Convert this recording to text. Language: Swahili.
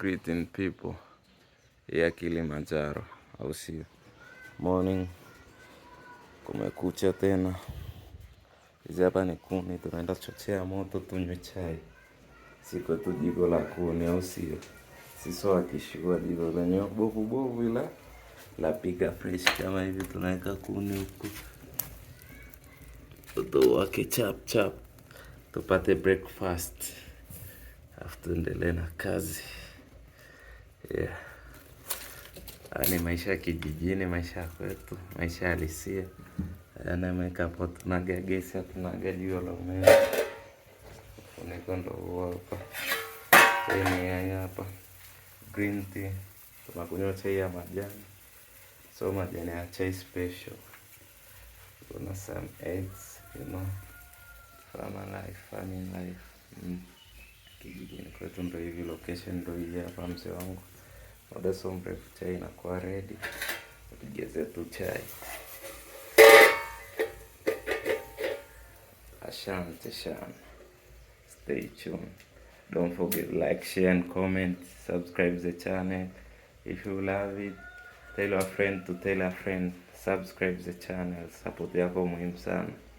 greeting people ya Kilimanjaro, au sio? Morning, kumekucha tena. Hizi hapa ni kuni, tunaenda chochea moto tunywe chai, siko tu jiko la kuni, au sio? Siso wakishua jiko lenye bovu bovu, ila la pika fresh kama hivi, tunaweka kuni huku toto wake chap chap, tupate breakfast afu tuendelee na kazi. Ah, ni maisha ya kijijini, maisha ya kwetu, maisha ya lisia yanayomeka hapo. tunaga gesi, tunaga jua la umeme, ufuniko ndo huo hapa. Chai ni yaya hapa, green tea, tunakunywa chai ya majani, so majani ya chai special. Kuna some eggs, you know, farmer life, farming life. Mm. Kijijini kwetu ndo hivi, location ndo hii hapa, mse wangu Muda sio mrefu chai inakuwa ready, tupige zetu chai. Asante sana, stay tuned. Don't forget to like, share and comment. Subscribe the channel if you love it. Tell a friend to tell a friend. Subscribe the channel. Support yako muhimu sana.